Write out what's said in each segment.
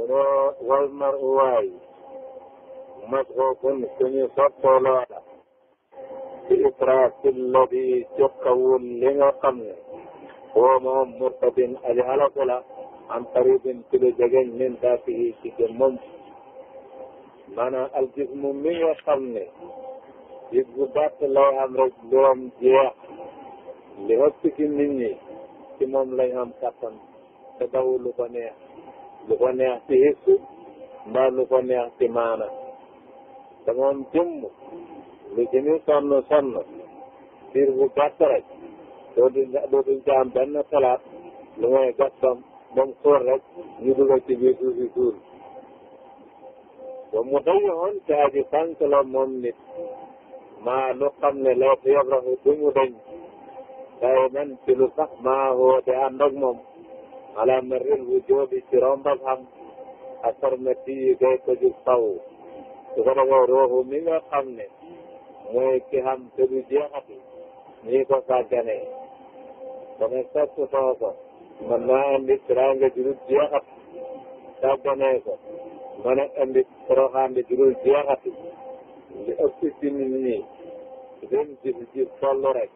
kodoo wal mar u waay masxuufun suñu soppoo loola ci ifraatil lobi jokkawul li nga xam ne woo moom murtabin ali halaku la ci lu jegeñ min daatihi ci jëmmam maanaam al jismu mi nga xam ne gis bu gàtt lay am rek doom jeex li ëpp ci nit ci moom lañ am kattan te dawul lu ko lu ko neex ci hissu mbaa lu ko neex ci maana te moom jëmm lu ci ñu sonn sonn diir bu gàtt rek dootuñ dootuñ ca am benn xalaat lu mooy gastam ba mu xóor rek ñu dugal ci biir suufi suul ba mu dayoon te aji sànq la moom nit maa lu xam ne law yobrahu du mu dañ day man ci lu sax maa woo te ànd moom ala marril wujubi ci rombam xam asarmati yi gay ko jub taw su ko mi nga xam ne mooy ki xam te du jeexati ñii ko sàgganee kon sàcc soo ko mën naa indi teraanga ju dul jeexati sàgganee ko mën a indi toroxaande ju dul jeexati li ëpp ci nit ñi seen gis-gis toll rek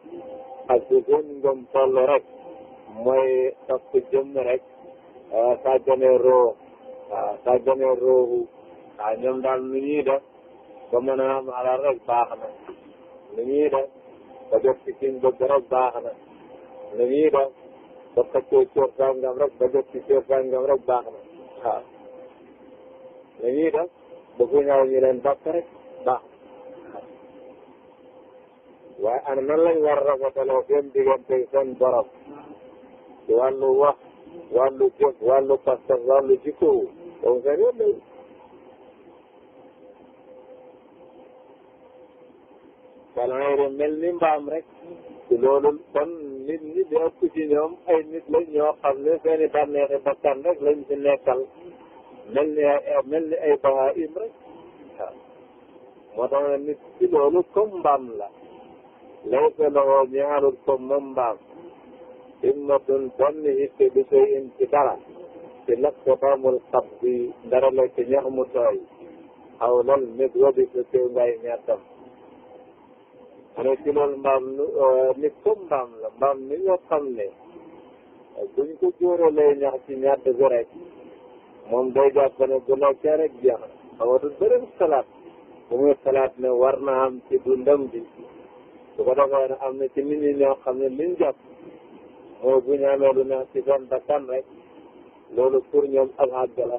ak seen ngëm toll rek mooy topp jëmm rek ah, sàggane roo waaw ah, sàggane roohu waaw ah, ñoom daal nu ñuy def ba mën a am rek baax na nu ñuy ba jot ci suñ bëgg rek baax na nu ñuy def ba xëccoo cër sàngam rek ba jot ci cër sàngam rek baax na waaw nu ñuy ba fu ñaaw ñu leen bàq rek baax waaye ana nan lañ war a rafetaloo seen diggante seen ci wàllu wax wàllu jëf wàllu pas-pas wàllu jikko moom kay yëpp lay. wala ni mbaam rek loolu kon nit ñi di ëpp ci ñoom ay nit lañ ñoo xam ne seen i bànneexi bakkan rek lañ ci mel ni ay mel ni ay bahaim rek waaw moo tax nit ci loolu comme mbaam la lay ko loxoo ñaalut comme mbaam. himmatun bomm hitte bi shay'in ci dara ci lak ko toomul xab bi la ci ñax mu tooy aw lal mit wadi su tew ngay ñettam mu ne ci loolu euh, ni comme mbaam la mbaam ni nga xam ne buñ ko jóoralee ñax ci ñatt bi rek moom day jàpp ne bu lekkee rek jeex xawatul bërëm salaat bu muy salaat ne war na am ci dundam bi su ko defee ne am na ci nit ñi ñoo xam ne liñ jàpp mooy bu lu neex ci seen bakkan rek loolu pour ñoom ak àgg la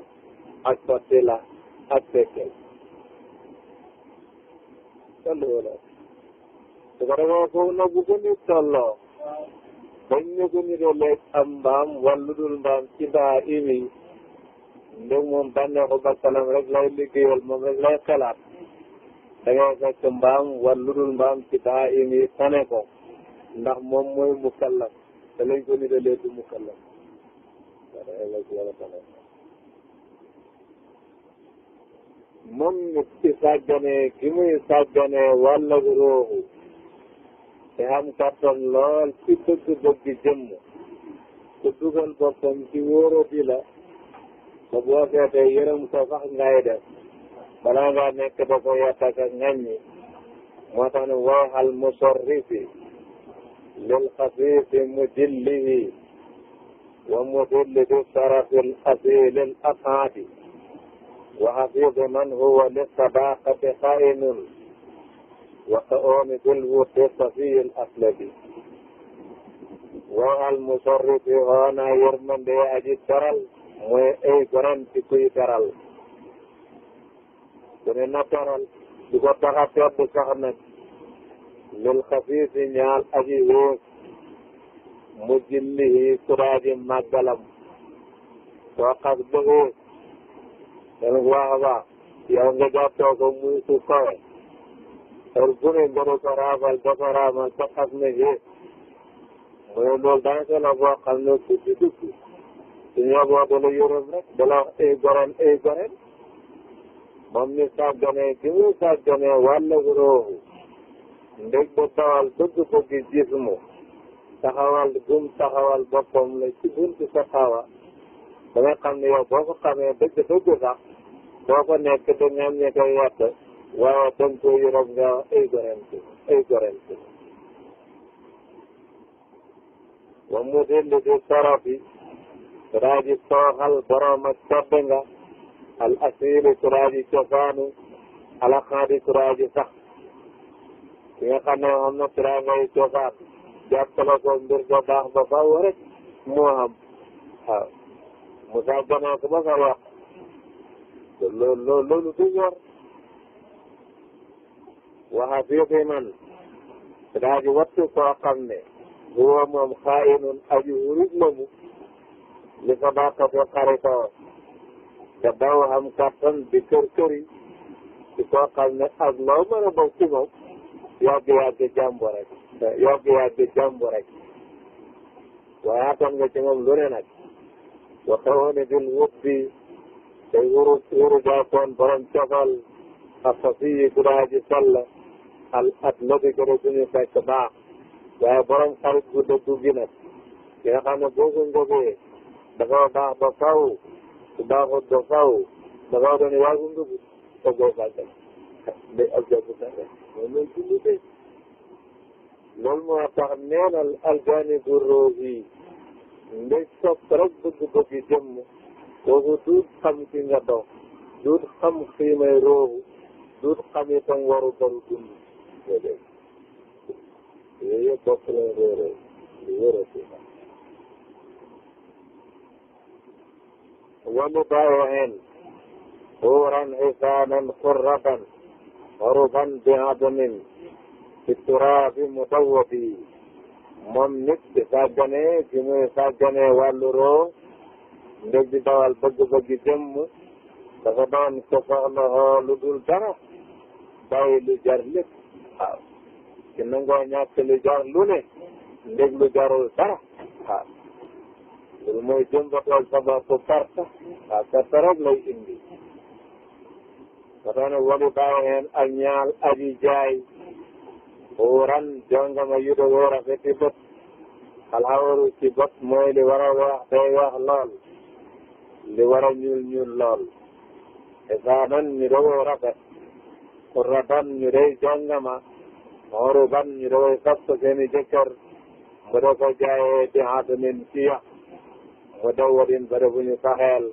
ak sotti la ak fekkee la su ko defee foofu nag bu ko nit bañ ñu ko nit a lekk am mbaam ci baa imi ndax moom bànneexu bakkanam rek lay liggéeyal moom rek lay xalaat da ngay fekk mbaam wala lu dul mbaam ci baa imi tane ko ndax moom mooy mukallaf danañ ko nidalee du mukallaf moom nit ci sàgganee gi muy sàgganee te am kattan lool ci bëgg-bëgg jëmm ku dugal boppam ci wóoro bi la ba boo seetee yërëm ko sax ngay def balaa ngaa nekk da ko yattaka ngañ ñi moo tax ne waxal musarrifi للخفيف مجله ومذل بالطرف الأصيل الأصعد وحفيظ من هو للصداقة قائم وكأوم بالوت الصفي الأسلبي waa al musarrif hoona yërmande aji teral mooy ay goram ci kuy teral ku ne na teral du ko tax a sax nag lil xafiisi ñaal aji wóos mu jillihi kuraaji màggalam soo xas ba wóos dana wax a baax yow nga jàppoo ko muy ku kawe heure bu ne nga ko raafal ba ko raafal ba xas ne hee mu ne loolu daanaka la boo xam ne ku ci dugg su ñëwoo dala yërëm rek dala wax ay goreel ay goreel moom mi sàgganee ki muy sàgganee wàllu roobu ndég bu dawal bëgg-bëggi jismu taxawal gum taxawal boppam la ci buntu saxaawa ba nga xam ne yow boo ko xamee dëgg-dëgg sax boo ko nekk da nga am ñi koy yàtt waaye dañ koo yorob nga ay gorenti ay gorenti wa mu dellu di sorop yi kuraa ji sooxal borom ak sedd nga al asili kuraa ji cosaanu alaxaadi kuraa sax ki nga xam ne am na travail coofaat jàpp na ko mbir ba baax ba faaw rek moo xam waaw Moussa Gana ku ma sa wax loolu loolu loolu du ñor waxa fii man daa di wattu koo xam ne huwa moom xaayinun aji wurut la mu li fa baaxati xaritoo te daw xam kattan di kër kër yi koo xam ne ak loo mën a bokk ci yàgg yàgg jàmbu rek yàgg yàgg jàmbu rek waaye atoon nga ci moom lu ne nag waxtaanee bil wubbi day wuru wuru jaakoon borom cofal afafiyi gudaa ji sall al at lobi ko bu ñu fekk baax waaye borom xarit bu dëggu gi nag ki nga xam ne ko ngóobee dafa baax ba faw su baaxut ba faw dafa doon waa gu ngóobu foogoo fàggal day ab jàpp loolu la jullite loolu moo tax nee na aljaani bu roos yi ndeg sopp rek bëgg-bëggi jëmm kooku duut xam ki nga dox duut xam fii may roobu duut xam itam waru baru dund déedéet yooyu yëpp bokk lañ réere lu wéra si ma walu bàyyi hen xuuran xisaanan xurratan maruban bi adamin ci turaabi mudawwabi moom nit di sàggane ci muy sàggane wàllu roo ndég di dawal bëgg-bëggi jëmm dafa doon ko soxla lu dul dara bàyyi lu jar lépp waaw ci nangoo ñàkk lu jar lu ne ndég lu jarul dara waaw loolu mooy jëmbatool sa bopp perte waaw perte rek lay indi ba doon walu baaxeen aji jaay xuuran jongama yu doon wóor a fekk bët alxawaru li war wax day wax lool li war ñuul ñuul lool xisaanan e ñu doon rafet xurratan ñu day jongama xoruban ñu doon sopp seeni jëkkër mu da ko di xaatamin ci yax mu ba da saxeel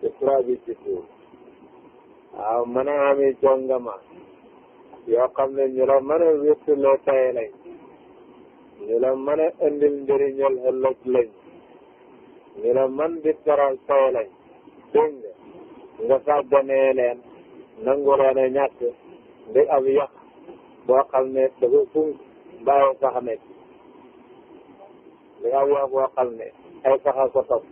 ci tura bi ci waaw mën a ami jongama yoo xam ne ñu la mën a wéttaloo tey lañ ñu la mën a indil njëriñal ëllëg lañ ñu la mën di teral tey lañ nga nga sàgganee leen nangu leen a ab yàq boo xam ne dafa fum bàyyi sax nekk di ab yàq boo xam ne ay saxa ko topp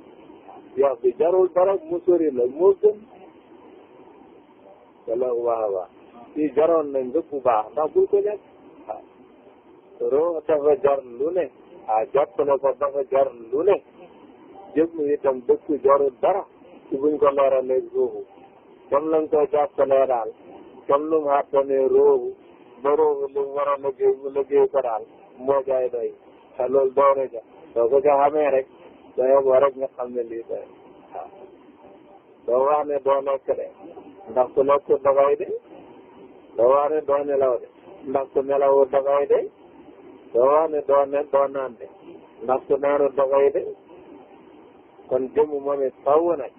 yàq bi jarul dara mu sori la moo gën wala bu baax a baax fii jaroon nañ lépp bu baax ndax bul ko ñàkk waaw a dafa jar lu ne ah jàpp na ko dafa jar lu ne jëmm itam dëkk jarul dara ci buñ ko leeralee suufu comme lañ ko jàppalee daal comme lu mu xàttanee roobu ba roobu lu mu war a liggéey mu liggéey ko daal moo jaay doy ko ca xamee rek doyoo boo rek nga xam ne lii doy waaw doo de ndax ku noppi dafay de doo wax ne doo nelaw de ndax ku nelawul dafay de doo wax ne doo ne doo naan de ndax ku naanul dafay de kon jëmm moom it faww nag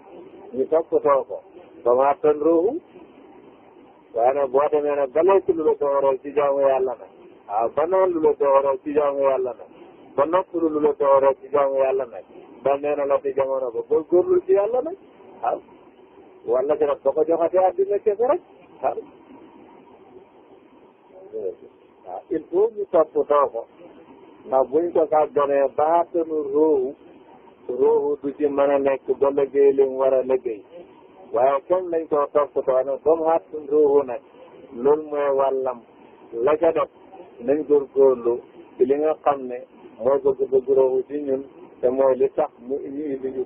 ñu toppatoo ko ba mu àttan ruuxu waaye nag boo demee nag ba lekk lu la dooral ci jaamu yàlla nag waaw ba naan lu la dooral ci jaamu yàlla nag ba noppalu lu la dooral ci jaamu yàlla nag ba nee na la ci jamono ba góorgóorlu ci yàlla nag waaw wala si la boo ko joxatee adduna kese rek ah il faut ñu toppatoo ko ndax buñ ko sàgganee baatanu roowu roowu du ci mën a nekk ba liggéey li war a liggéey waaye comme lañ koo toppatoo nag comme xaatun roowu nag loolu mooy wàllam la ca nañ góorgóorlu ci li nga ne mooy bëgg-bëgg ci ñun te mooy li tax mu indi ñu.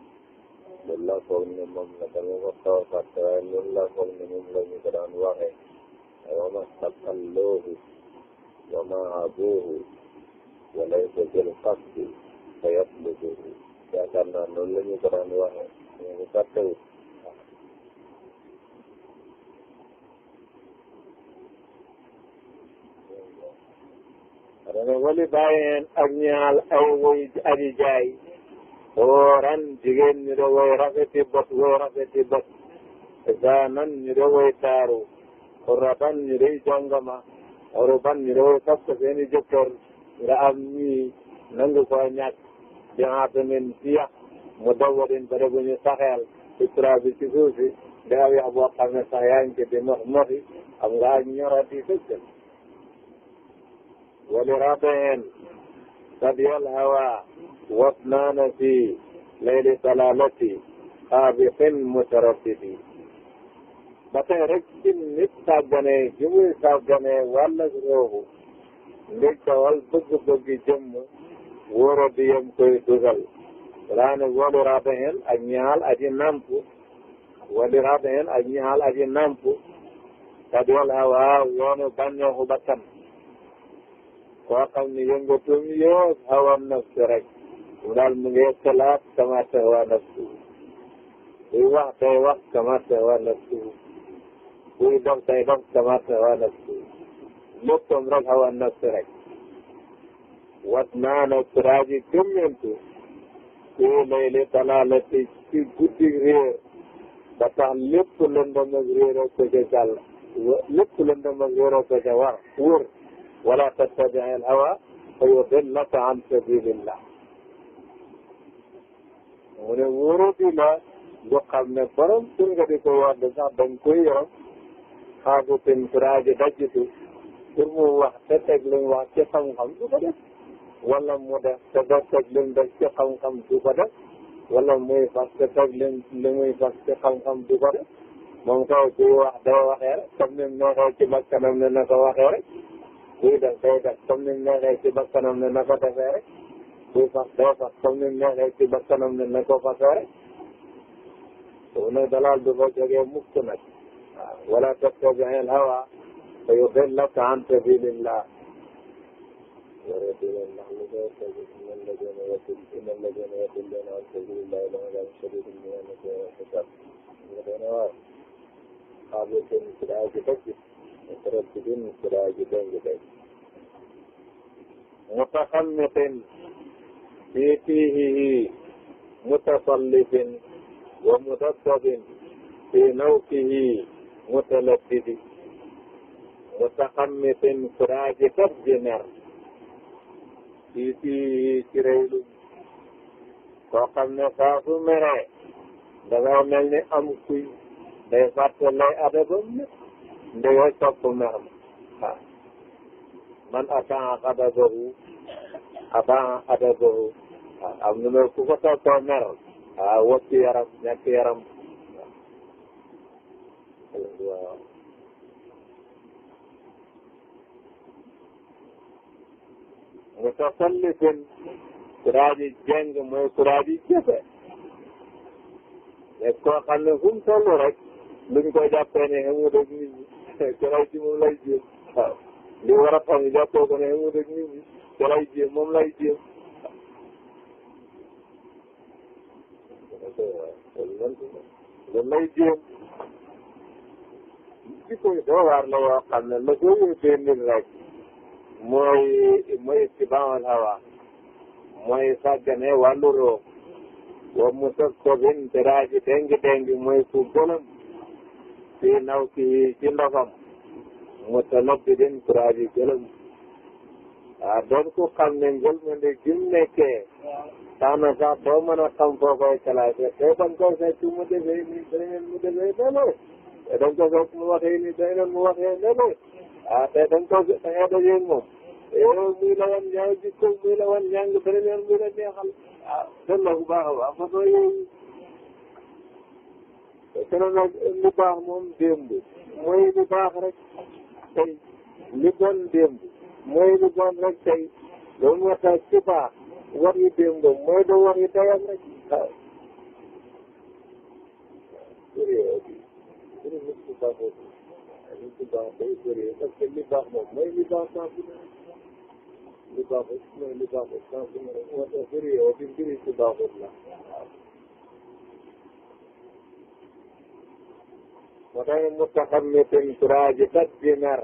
loolu la foog ne moom la dama ko xaw a fàtte waaye loolu la foog ne moom la ñu ko daan waxee wama staqalloohu wama abuuhu wa laysa bil qasdi fa yatlubuhu yaakaar naa loolu la ñu ko daan waxee ñu ngi fàttewut wali bàyyeen ak ñaal aw muy aji jaay xooran jigéen ñu da way rafeti bët way rafeti bët zaanan ñu da way taaru xurratan ñu day jongama ruban ñu way fas seeni jëkkër nga am ñii nangu ko ñàkk di xaatamin mu dawadin ba bu ñu saxeel ci tura bi ci suuf si day am yàq boo xam ne sax yaa di nox wali raataen ثدي الهوى واطنان في ليل سلامتي xaabi xin mutarabbibi ba tey rek ci nit sàggane ji muy sàggane wàlla roobu ndig tawal bëgg-bëggi jëmm wóora di yem koy dugal raane wali raata hen ak ñaal aji namp wali raata hen ak ñaal aji namp tadwal hawa yoonu bànneexu bakkan koo xam ne yëngatoom yëpp hawa nafsi rek mu daal mu ngi xalaat kama tahwa nafsu buy wax day wax kama tahwa nafsu buy dox day dox kama tahwa nafsu léppam hawa nafsi rek wat naa ne siraaji gëmmentu fi layli dalalati ci guddi réer ba tax lépp lëndam ak réer a ko ca jàll lépp lëndam ak réer a ko ca war wala tattabi' al-hawa fa yudillaka an sabilillah mu ne wóoru bi la nga xam ne borom tur nga di ko woote sax da nga koy yor xaagu pin kuraaji dajjitu pour mu wax te teg mu wax ci xam-xam du ko def wala mu muy fas te teg muy fas ci xam-xam du ko def moom kaw kuy wax day waxee rek comme ni mu waxee ci bakkanam ne na ko waxee rek kuy def day def comme ni mu neexee ci bakkanam ne na ko defee rek kuy fas day fas comme ni mu neexee ci bakkanam ne na ko fasoo rek boobu nag dalal du fa jógee mukk nag waaw wala tattabi' al-hawa fa yudillaka an sabilillah ورسولا محمدا إن الذين يضلون عن سبيل الله لهم عذاب شديد من يوم القيامة والحساب. قابلة في الآية تكفي mutaraddidin ku mu ji denc denc mutaxammiqin fi fiihihi mutasallifin wa mudabbabin fi nawkihi mutaladdidi mutaxammiqin ku daa ji dab ji ner fi fiihihi ci reylu koo xam ne saa su meree mel ni am kuy day fàtte lay adabam ndege topp meram waaw man ataa adabahu ataa adabahu waaw am na ma ku ko toppoo mer waaw wàcc yaram ñàkk yaram jeng mooy kuraaji jëfe nekk koo xam ne fu mu toll rek luñ ko jàppee ne xamu dëgg jëlaat ji moom lay li war a xam jàppoo ne mu dëgg nit ñi jëlaat jéem moom lay jéem moom lay jéem. ci koy doowaar la yoo xam ne la koy yóbbee nit rek mooy mooy ittibaaul hawa mooy sàggane wàllu roo wa mu sas ko bin te daa ji dengi dengi mooy ku gëlëm fii naw kii ci ndogam mutanabbidin kuraaji gëlëm waaw doon ku xam ne ngël ma ne jim nekkee tax na sax doo mën a xam foo koy classé te bañ ko fekk mu defee nii beneen mu defee nenee te dañ ko fekk mu waxee nii beneen mu waxee nenee ah te dañ ko da ngay dajeeg moom yow muy la wan ñaaw jikko muy la wan ñàng beneen muy la neexal ah dëgg la bu baax a baax façon yooyu dana nag lu baax moom démb mooy lu baax rek tey li bon démb mooy lu bon rek tey loolu moo tax ci baax war yu démb mooy da war yu tayam rek waaw li baax day bëree parce que li baax moom mooy li baax saa su ne li baaxul mooy li baaxul saa su ne moo tax bëree waa bi mbiri mu day mutaxammitin turaaji kat ji mer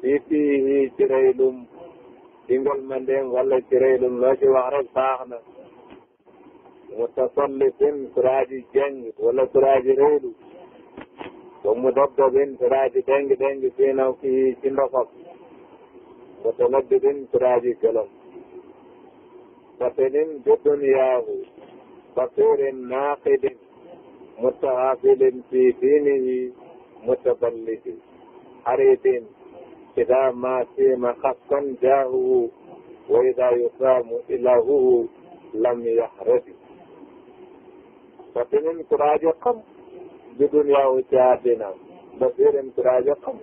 fii fii ci reylum dingal ma ndéem ci reylum loo ci wax rek baax na mutasallitin turaaji jeng wala turaaji reylu ba mu dabdabin turaaji deng deng fii naw fii ci ndofam mutaladdidin turaaji gëlëm batinin juddun yaahu basirin naaqidin متغافل في دينه متبلد حريد إذا ما سيم خطا جاهه وإذا يقام إلهه لم يحرد فتنم كراج قم بدنيا وجادنا بصير كراج قم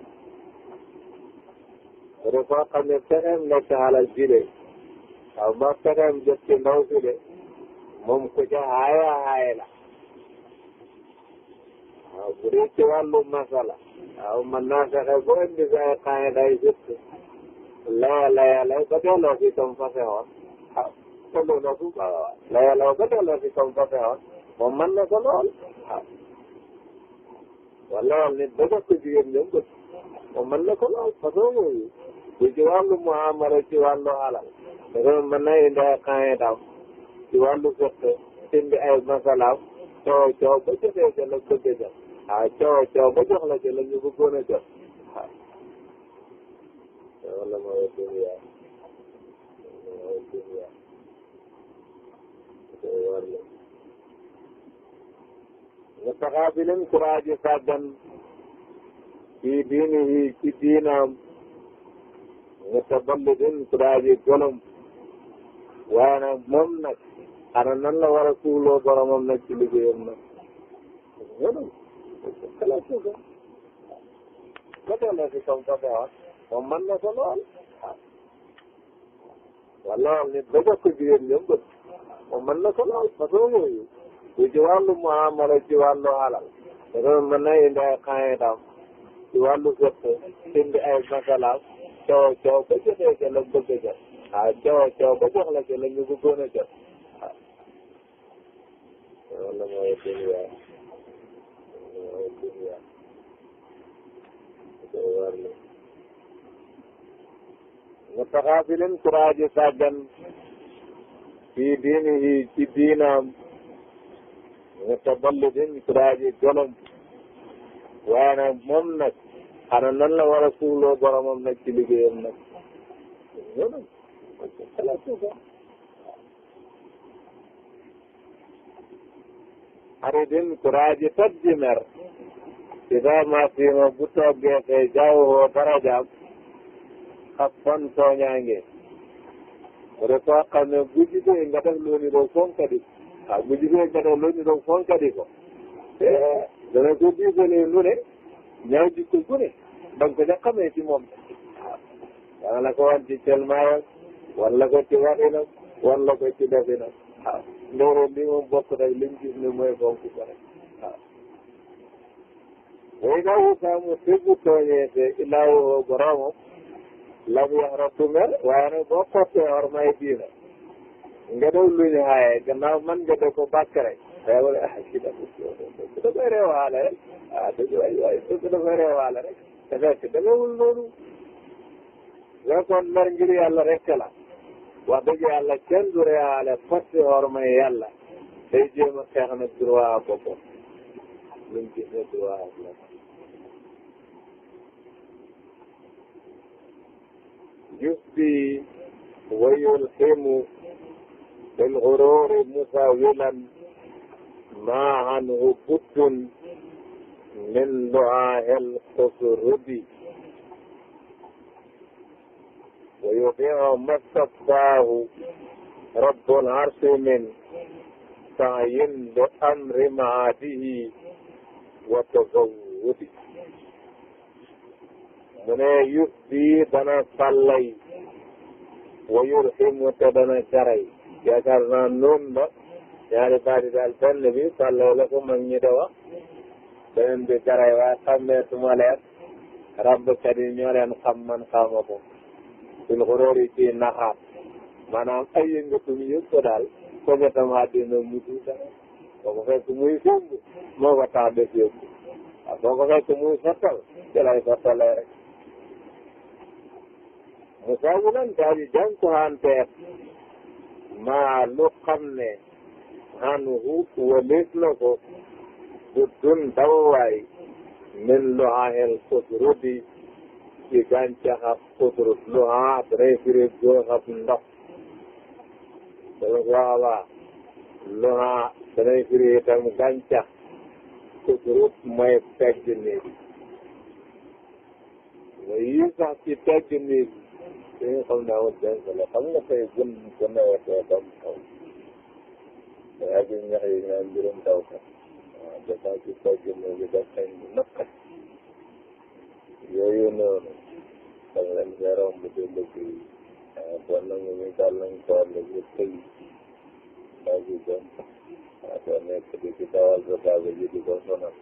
رفاقا نتهم لك على الجيل أو ما تهم جبت نوزله ممكن هاي هاي لا waaw bu dee ci wàllu masala waaw mën naa fexe ba indi sa ay qaida yi jëpp laya laya lay ba si tom fa fexoon ah tolloo na ko si tom fa fexoon moom mën ko lool waaw wala wal nit ba def ko jigéen ñoom bët moom mën na ko lool façon yooyu bu ci wàllu muamala ci wàllu alal dafa mën na indi ay qaidaam ci wàllu fiq indi ay masalaam coow coow ba jëfee ca la bëgg a jëf ah coow coow ba jox la ci la ñu bëggoon a jox ah. wala ma wër duniya ma wër duniya war la. mutaxaabilin kuraaji sàggan ci diini yi ci diinaam mutaballidin kuraaji golom waaye nag moom nag ana nan la war a suuloo boromam nag ci liggéeyam nag ba doon na si comme ko waxee moom mën na ko lool wala nit ba bokk jigéen ñoom bët moom mën na ko lool parce que mooy bu ci wàllu muamala ci wàllu alal loolu mën na indi ay xaayitam ci wàllu gëtt indi ay masalaam coow coow ba jotee ca la bëgg a jot ah coow coow ba jox la ca la ñu bëggoon a jot ah loolu mooy mooy dunya mutaxaafilin kuraaji sàggan fii diinihi ci diinaam mutaballidin kuraaji golom waaye nag moom nag ana nan la war a suuloo boromam nag ci liggéeyam nag xaritin ku raaji toj ji mer idaa ma fiima bu toggee fee jawwoo darajaam ak fan tooñaange mu de koo xam ne bu gisee nga def loo niroog fonkadi ah bu gisee nga def loo niroog fonkadi ko te eh, dana ko diisalee lu ne ñaaw jikko gu ne danga ko ca xamee ci moom dana la ko wan ci cëlmaayam wala ko ci waxinam wala ko ci definam waaw loolu li mu bokk rek liñ gis ne mooy bokk ko rek waaw. léegi nag saamu tegu tooñee te ilaahu boromam la mu wax rek du mel waaye nag boo xottee war may diina nga daw lu ñu xaayee gannaaw man nga def ko bàkk rek. waaye wala ah kii dafa kii dafay reewaale rek ah dëgg waay waay dëgg dafay reewaale rek te fekk dafewul noonu. mais kon mer ngir yàlla rek la. wax dëgg yàlla kenn du reyaale fàtte hormay yàlla day jéem a xeex na droit boppam lu mu gis ne droit ak la yusbi wayulhimu bil ghururi musawilan ma anhu buddun min du'aahil xusurudi ويطيع ما استطاعه رب العرش من تعيين بأمر معاده وتزوده mu ne yufdi dana sàllay wa yulximu te dana jaray yaakaar naa noonu la ñaari baati daal benn bi sàllay la ko mag ñi de beneen bi jaray waaye xam ne tuma leer rabbkat ñoo leen xam man xaama ko suñu xuróor yi ci naxaat maanaam ay yëngatum yëpp ko daal foog itam àddina mujj dara boo ko fekk muy sëng moo ko tax def yëpp waaw boo ko fekk muy sottal ci lay sottalee rek mu saabu lan daal di jànkuwanteer maa lu xam ne xanuhu walis na ko bu dun dawaay min lu xaaxel kos rodi ci gàncaxam xuturut lu ha danay firi góoxam ndox dama ko waxaa lu ha danay firi itam gàncax xuturut mooy pegg néeg yi sax ci pegg néeg dañu xam ne amul benn solo xam nga tey bun bu nawetee dam taw daa gis ñax yi ñaan mbirum taw ka waaw dafa ci pegg néeg bi daf xëy bu nakkat yooyu noonu dang leen fee romb di liggéey boo nangu ñu gàllankoor la ñu tëy daa ji jëm waa doo nekk di ci dawal sa baaba ji di ko sonal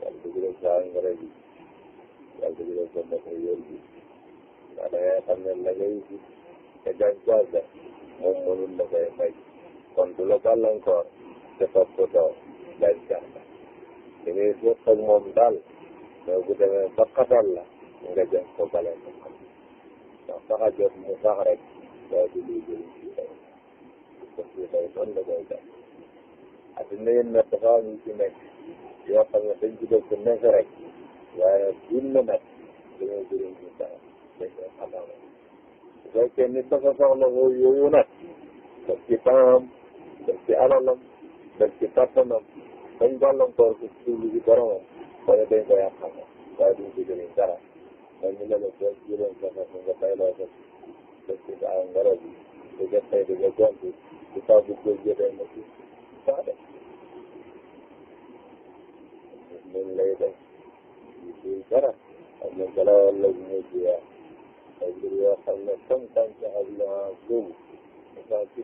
yàlla di def sa engrais bi yàlla di def sa ndox yóor bi ndax da ngay xam ne la ngay ji te gàncax ga moom mënul la koy may kon du la gàllankoor te toppatoo gàncax ga li ngay seq ak moom daal mais bu demee ba xatal la nga jëm ko bale mu xam ndax sax a jot mu sax rek daa di luy jëriñ ci day ko ci nekk yoo xam ne dañ ci dëkk nekk rek waaye duñ la nag dañoo jëriñ ci dara dañ koy xamal su fekkee ni sa soxla yooyu nag daf ci dañu la def ba juróom benn fu nga bayloo ko def ci sa ngelaw bi di nga xëy di nga gont di de ñun lay def di suy dara ak ñu galawal la ñu jiyaa ay mbir yoo xam ne comme tànk ak la góobu dafa ci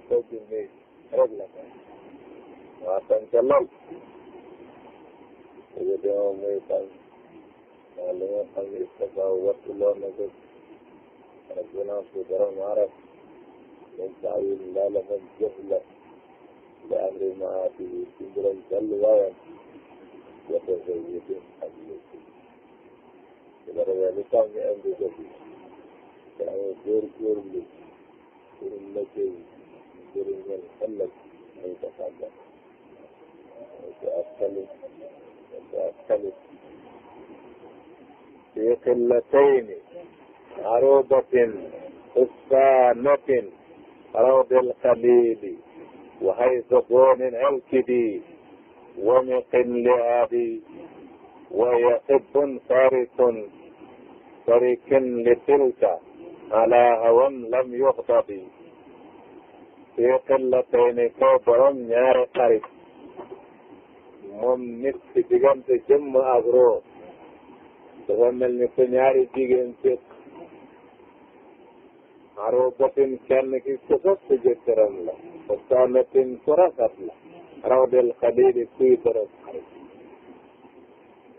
maa li nga xam ne istafa wattu loo na ko rabbinaa su borom arab min taawil ndaa la fam jëf la li amri maatihi ci mbiram jàll waayam wata sa yitin ak yëpp su ko defee li tax ñu indi ko fi te amee góorgóorlu pour métier yi njëriñ ngeen ëllëg muy ko sàggan muy ko ak xalit muy ko ak xalit في قلتين عروضة حسانة روض الخليل وحيث بون عكدي ومق لأبي ويحب فارس طريق لتلك على هوى لم يغضب في قلتين كبر ñaari xarit moom nit ci diggante jëmm ak ruux dafa mel ni ko ñaari jigéen séq xaroo botin kenn ki ku sopp jëkkëram la ko soxnatin ku rafet la raw del xadiidi kuy borom xarit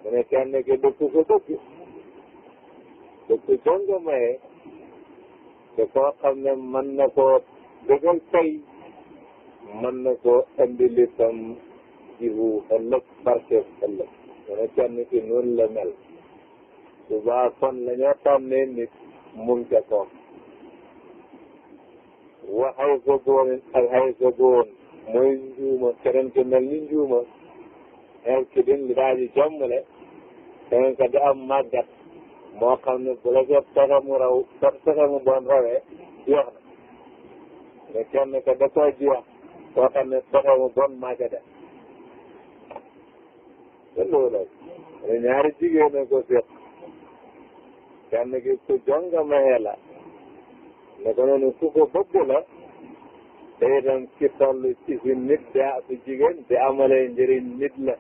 mu ne kenn ki du ku ko bëgg du ku jonga maye te koo xam ne mën na koo dëgal tey mën na koo indi litam jiwu ëllëg barke ëllëg mu ne kenn ki noonu la mel subaa kon la ñoo tànnee nit mun ca koom waxaw sa góor ak xaw sa góor mooy njuuma keneen ki mel ni njuuma xel ki din li daal di jommale keneen ka di am màggat moo xam ne bu la jot pexe mu raw pexe mu bon rawee jeex na mais kenn ka da koo jeex koo xam ne pexe mu bon màgg def te loolu la ñaari jigéen a ko séq kenn gi ku jonga maye la naka noonu ku ko bëgg la te itam ki toll ci fi nit di su jigéen di amalee njëriñ nit la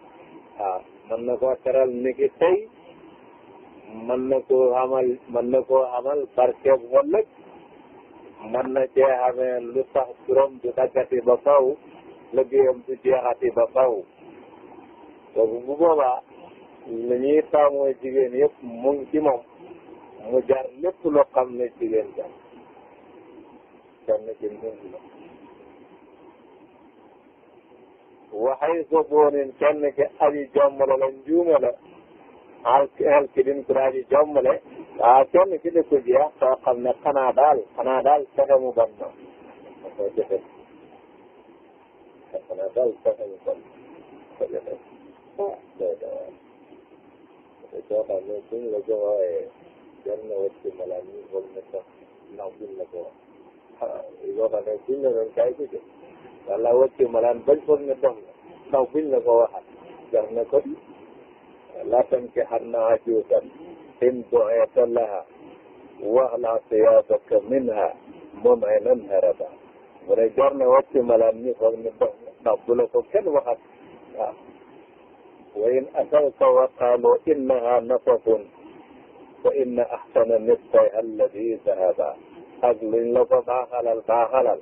waaw mën na koo teral ni ki tey mën na koo amal mën na koo amal barkeeb ëllëg mën na cee xamee lu tax turam du daggati ba faw liggéeyam du jeexati ba faw kooku bu boobaa la ñuy taamoo jigéen yëpp mu ngi ci moom mu jar lépp loo xam ne jigéen jar jar na ci mbir la waxay soboonin kenn ki aji jommale la njuuma la al al ki din ku aji jommale waaw kenn ki di ko jeex soo xam ne xanaa daal xanaa daal fexe mu bon ma ko jëfe xanaa daal fexe mu bon ko jëfe waaw doo doo waaw soo xam ne suñ la joxee jar na wàcc balaa ñuy xool ne sax ndax buñ la ko wax. ah yoo xam ne buñ la doon kaay ko jël wala wàcc malaan bañ foog ne dox la ndax buñ la ko waxaat jar na ko laa tankihanna ajuuzan in du'ita laha واخلع ثيابك منها ممعنا هربا mu ne jar na wàcc malaan ñu foog ne dox la ndax bu la ko kenn waxaat waaw wa in atawka wa qaalu innaha nafatun wa inna ahsana nisfay alladi dahaba ak luñ la ko baaxalal baaxalal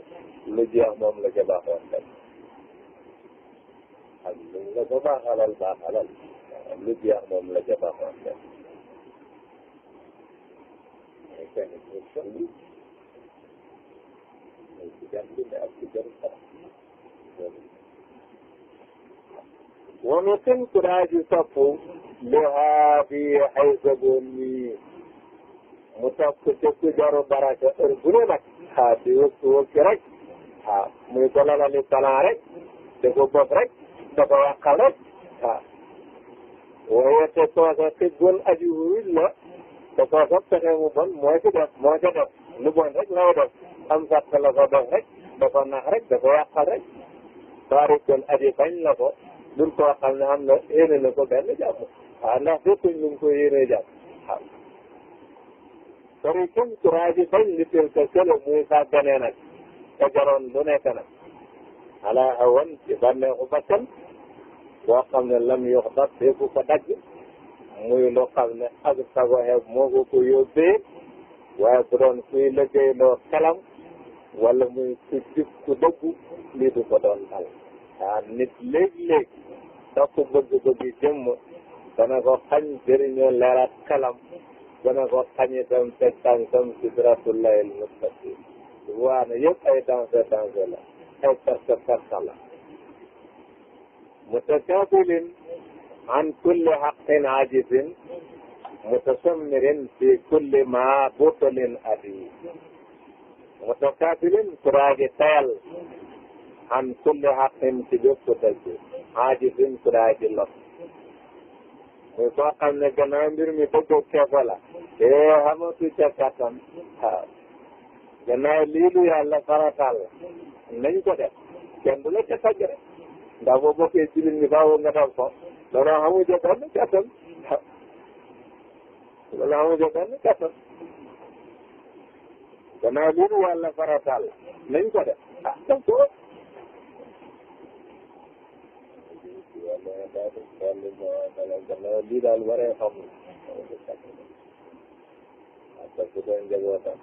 lu jeex moom la ca baaxalal baaxalal lu jeex la ca baaxoon rek wanu ku daa ji soppu li bi xay sa boon mu toog ko jëkk jaru baraka heure bu ne nag ah di wëkk wëkk rek ah muy ko lalali plan rek da bopp rek da ko wàqal rek ah waaye te kooka xibgoon aji wuruj la te kooka pexe mu bon moo ci def moo ca def lu bon rek lay def am sàtt la ko def rek da nax rek da ko wàqal rek taarikoon aji bañ la ko dul ko waxal am na yéene na ko benn jàmm ah ndax dëkkuñ lu mu ko yéene jàmm waaw kon kuntu raaji bañ li tilka sële Moussa ganee nag te jaroon lu nekk nag ala hawan ci bànneexu bakkan boo xam ne lam yox dat deeku ko dagg muy loo xam ne ak sago xeeb moo ko ko yóbbee waaye bu doon kuy liggéey loo xelam wala muy ku jub ku dëggu lii ko doon dal waa nit léeg-léeg sa ko bëgg jëmm dana ko xañ jëriñoo leeraat xelam dana ko xañ itam teg tànkam ci siratullahi almustaqim waane yëpp ay danse danse la ay perte perte la mutakaabilin an kulli xaqin ajizin mutasammirin fi kulli ma butalin adi mutakaabilin kuraaji tayal an kulli xaqin ci bépp dëgg ajizin kuraaji lot muy koo xam ne gannaaw mbir mi dëgg kefa la te xamatu ca kattan waaw gannaaw lii lu yàlla farataal nañ ko def kenn du la ca tàgg rek ndax boo bokkee ci liñ bi faaw nga def ko loolu xamu ca benn kattan loolu xamu ca benn kattan gannaaw lii lu yàlla farataal nañ ko la gannaaw lii daal waree xam ak parce que doon njabootam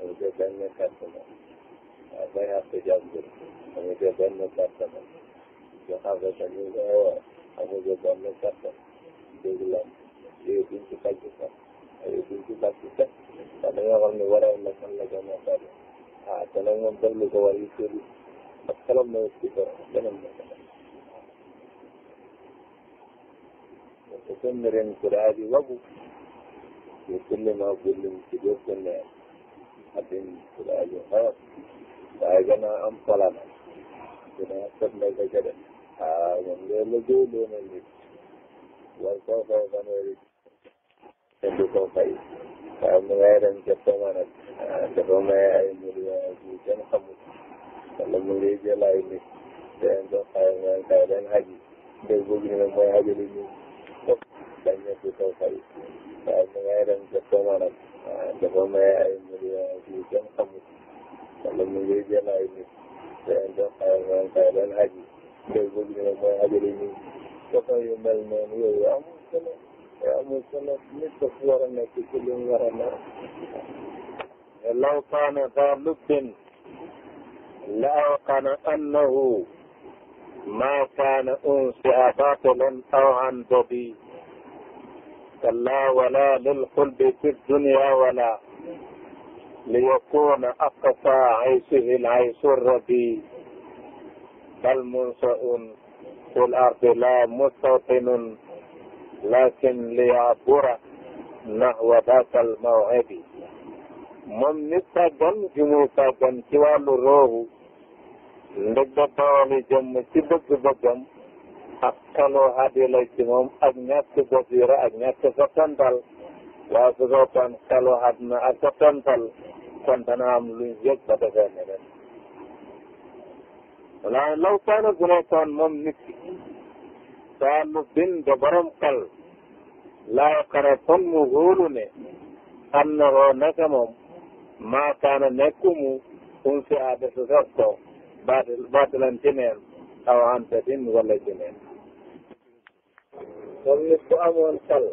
amu ci benn kàttan waaw bay àtt jàmbur amu ci benn kàttan ci xafata ñu koy woo amu ci benn kàttan déglam yooyu duñ ci tàgg sax yooyu duñ ci tàgg sax ndax dañoo xam ne waral na fan la gën a tàgg ah te nag moom daf lu ko war yu sori ak xelam na ci borom beneen na musammirin kuraaji wagu yo kulle ma gullum ci jokkone abin kuraaji xawat waaye gana am palana na ka cede aa na nit war koo fay fanweeri kenn du koo fay waaye mu ngay dem ca toma nag dafa may ay million yu kenn xamul wala mu ngi jël ay nit deen ko xay ngan kay den haji bañ na ci ko fay mu ngay dem ca Komaram dafa maye ay millions yu kenn xamul wala mu ngi jël ay nit seen dox ay man kay doon aji loolu bëgg ne mooy ajali nit soxla yu mel noonu yooyu amul solo amul solo nit dafa war a nekk ci li mu war a law kaana daa lubbin la awqana annahu ma kaana aw an dobi كلا ولا للخلد في الدنيا ولا ليكون أقصى عيشه العيش الردي بل منشأ في الأرض لا مستوطن لكن ليعبر نحو ذاك الموعد moom nit sàggan gi muy sàggan ci wàllu roohu ndëg da dawali jëm ci bëgg-bëggam ak kaloo xaddi la ci moom ak ñàkk basiira ak ñàkk sottantal waaye su soppan kaloo xadd na ak sottantal kon am luñ yëg ba defee ne leen wala law kaana bu nekkoon moom nit saa lu bind borom xel laa xare kon mu wóolu ne xam na roo naka moom maa kaana nekku mu um si aada su sos ko baatilan ci neen aw an tatin wala ci neen moom nit amoon xel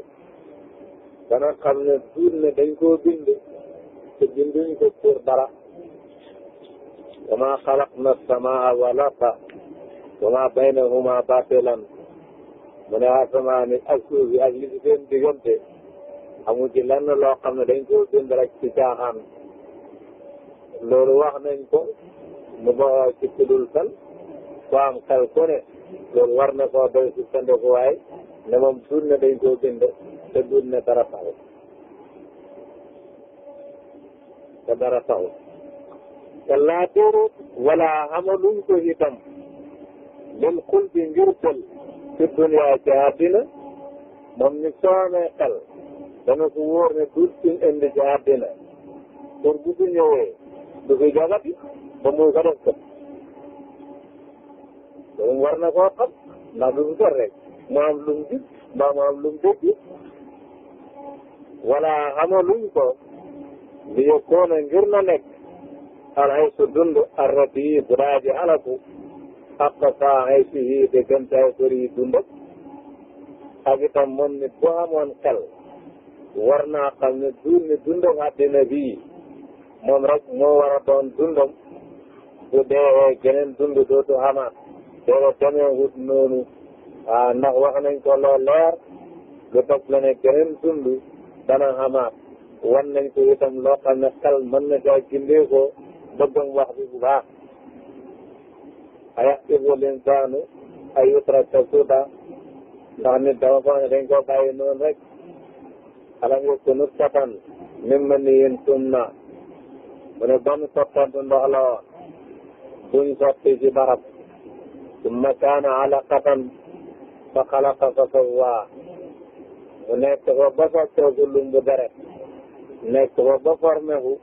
dana xam ne duut ne dañ koo bind te binduñ ko pour dara wa ma xalaqna samaa wal arda wa ma baynahuma baatilan mu ne asamaan ak suuf bi ak li ci seen diggante amu ci lenn loo xam ne dañ koo bind rek ci caaxaan loolu wax nañ ko mu bawoo ci kulul xel ku am xel ku ne loolu war na koo doy si sandekuwaay ne moom duut ne dañ koo bind te duut ne dara taxul te dara taxul te laaturu wala xamaluñ ko itam lil xul bi ngir pël ci duniyaa ci moom ñu soomee xel dana ko wóor ne duut suñ indi ci àddina bu fi ñëwee du fi jagati ba muy ko def ko loolu war na koo xam ndax du fi sor rek mu am lu mu gis mbaa mu am lu mu dégg wala xamaluñ ko ngir na nekk alxaysu dund arrati yi buraaji alaku xaq saa xaysu yi diggante ay sori yi dund ak itam moom nit bu amoon xel war naa xam ne duur ni dundam àddina bii moom rek moo war a doon dundam bu geneen dund dootu xamaat doo demee wut noonu waaw ah, ndax wax na ko loo leer lu topp la ne keneen dund dana xamaat wan nañ ko itam loo xam ne xel mën na caa gindee ko bëggam wax bi bu baax ayaxsibu linsaanu ay yutraka suuda ndax nit dama foog ne dañ koo bàyyi noonu rek alam yakun nutfatan min maniyyin yumna mu ne ban sottantu ndox la woon buñ sotti ci barab summa kaana alaqatan fa xalaqa fa sawwaa mu nekk fa ba soppeeku lumbu deret nekk fa ba formé wu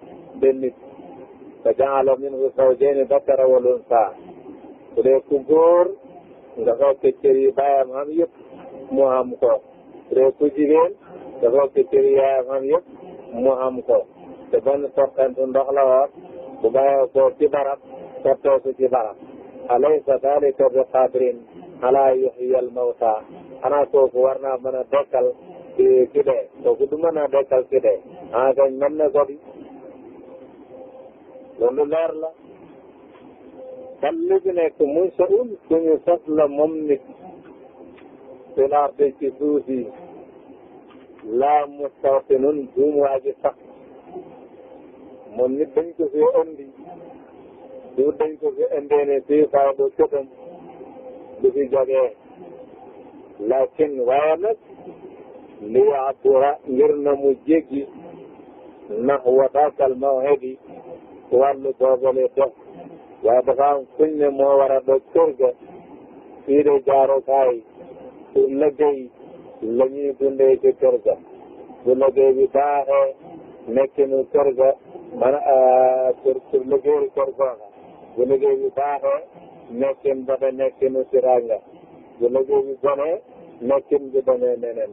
de nit fa jaala minhu zawjayni dakara wal unsaa su dee ku góor nga fekk yi baayam am yëpp mu am ko su dee ku jigéen nga fekk yi yaayam am yëpp mu am ko te benn soppantu ndox la woon bu bàyyee ko ci barab soppee ko ci barab alaysa dalika bi qadirin ala yuhyil mawta xanaa kooku war naa mën a dekkal ki ki dee kooku du mën dekkal ki dee kañ mën ko di loolu leer la kan li fi nekk muy sa un suñu sos la moom nit filarde ci suuf si laa mustawtinun duum waa ji moom nit dañ ko fi indi du dañ ko fi indee ne fii ba këtam du fi jógee waaye nag li yatura mu jéggi ndax wataakal mawhidi wàllu boobale dox waaye dafa am kuñ ne moo war a doog kër ga fii de jaarukaay pour liggéey la ñuy dundee ci kër ga bu liggéey bi baaxee nekkinu kër ga man ah, pour pour liggéeyu kër googa bu liggéey bi baaxee nekkin ba da nekkinu siraaj la bu liggéey bi bonee nekkin bi demee neneen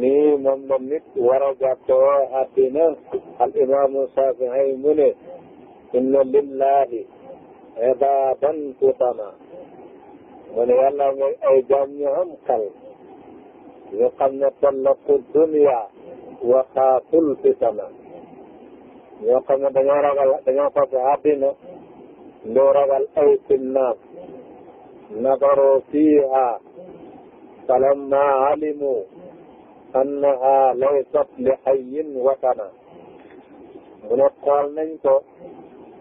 nii moom la nit war a jàppoo àddina al imaamu Saafi'i mu ne inna lillahi ibaadan kutama mu ne yàlla mooy ay jaam ñu am xel ñu xam ne tallaqu dunya wa xaaful fitana ñoo xam ne dañoo ragal dañoo fas àddina doo ragal aw fi naas nafaroo fiiha falamma alimu annaha laysat li xayin watana mu ne xool nañ ko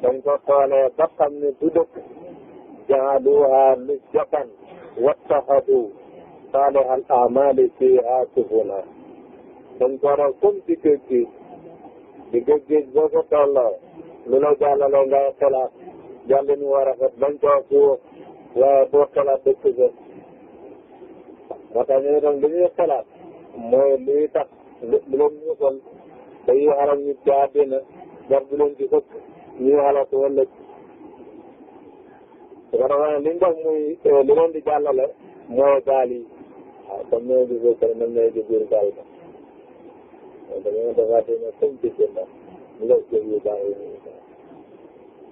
dañ ko xoolee ba xam ne du dëkk jaaluha nisjatan wattaxadu saalih al amali fiiha subula dañ ko rek comme ci di géej géej boo ko tolloo lu la ngay xelaat jàllin wu rafet bañ koo fuux waaye boo xalaat dëkk ba moo tax ñu itam li ñuy mooy luy lu leen ñuusal te yu xaram ñu ci àddina daf du leen ci fëkk ñuy xalaat li ñu def euh, di jàllale mooy gaal yi waaw comme ni ma gisee kër mën nañu ci biir gaal ba dañoo defaat ne comme a ñu def jëf yu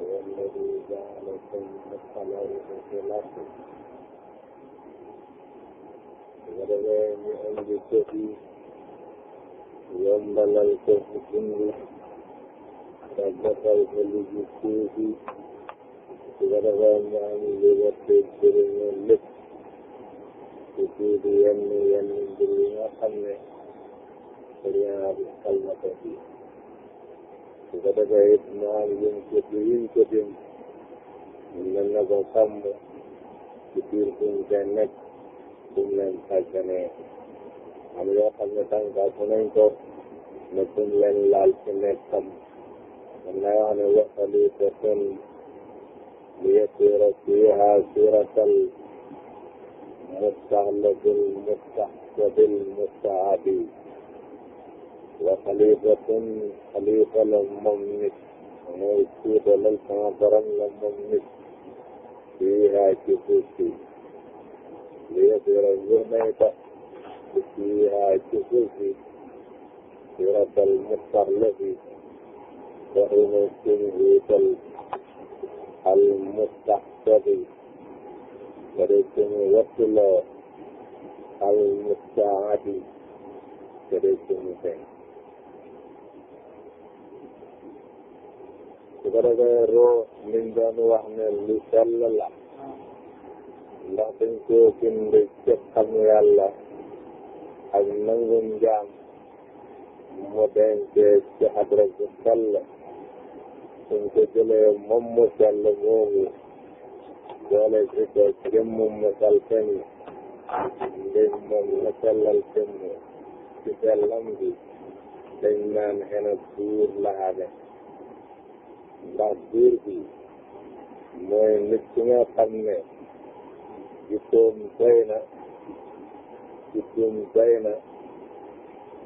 هو الذي جعلكم الخلائف في الأرض ودغee ñu indi jëf yi yombalal ko ci dund raggatal ko li ci suuf yi su ko defee ñu am liberté jëriñu lépp ci suuf yenn yenn mbir yi nga xam ne sharia bi kal na ko fii su ko it mu am yuñ ko yuñ ko tim ñu mën na ko sàmm ci biir am yoo xam ne tànkaatu nañ ko ne laal ci nekkam mën naa wax ne waxali ko seen li yasira fiha siratal mustaxlabin mustaxsabin wa xalifatun xalifa la moom nit mooy tuutalal sama borom la moom nit ci suuf li yasira ngir may tax fiihaa ci suuf si siratal mustarlafi wa ina tunhiital al mustaxsabi ba de suñu wattuloo al mustaadi ba de suñu fenk su ko defee roo liñ doon wax ne lu sell la ndax dañ koo bind ci xam yàlla ak nangu njaam mu dencee ci xadra bu sell suñ ko jëlee moom mu sell moomu boole ci ko jëmm mu sell feñ ndéy moom la sellal jëmm ci sellam bi dañ naan xena buur la xame ndax biir bi mooy nit ki nga xam ne jikkoom doy na jikkoom doy na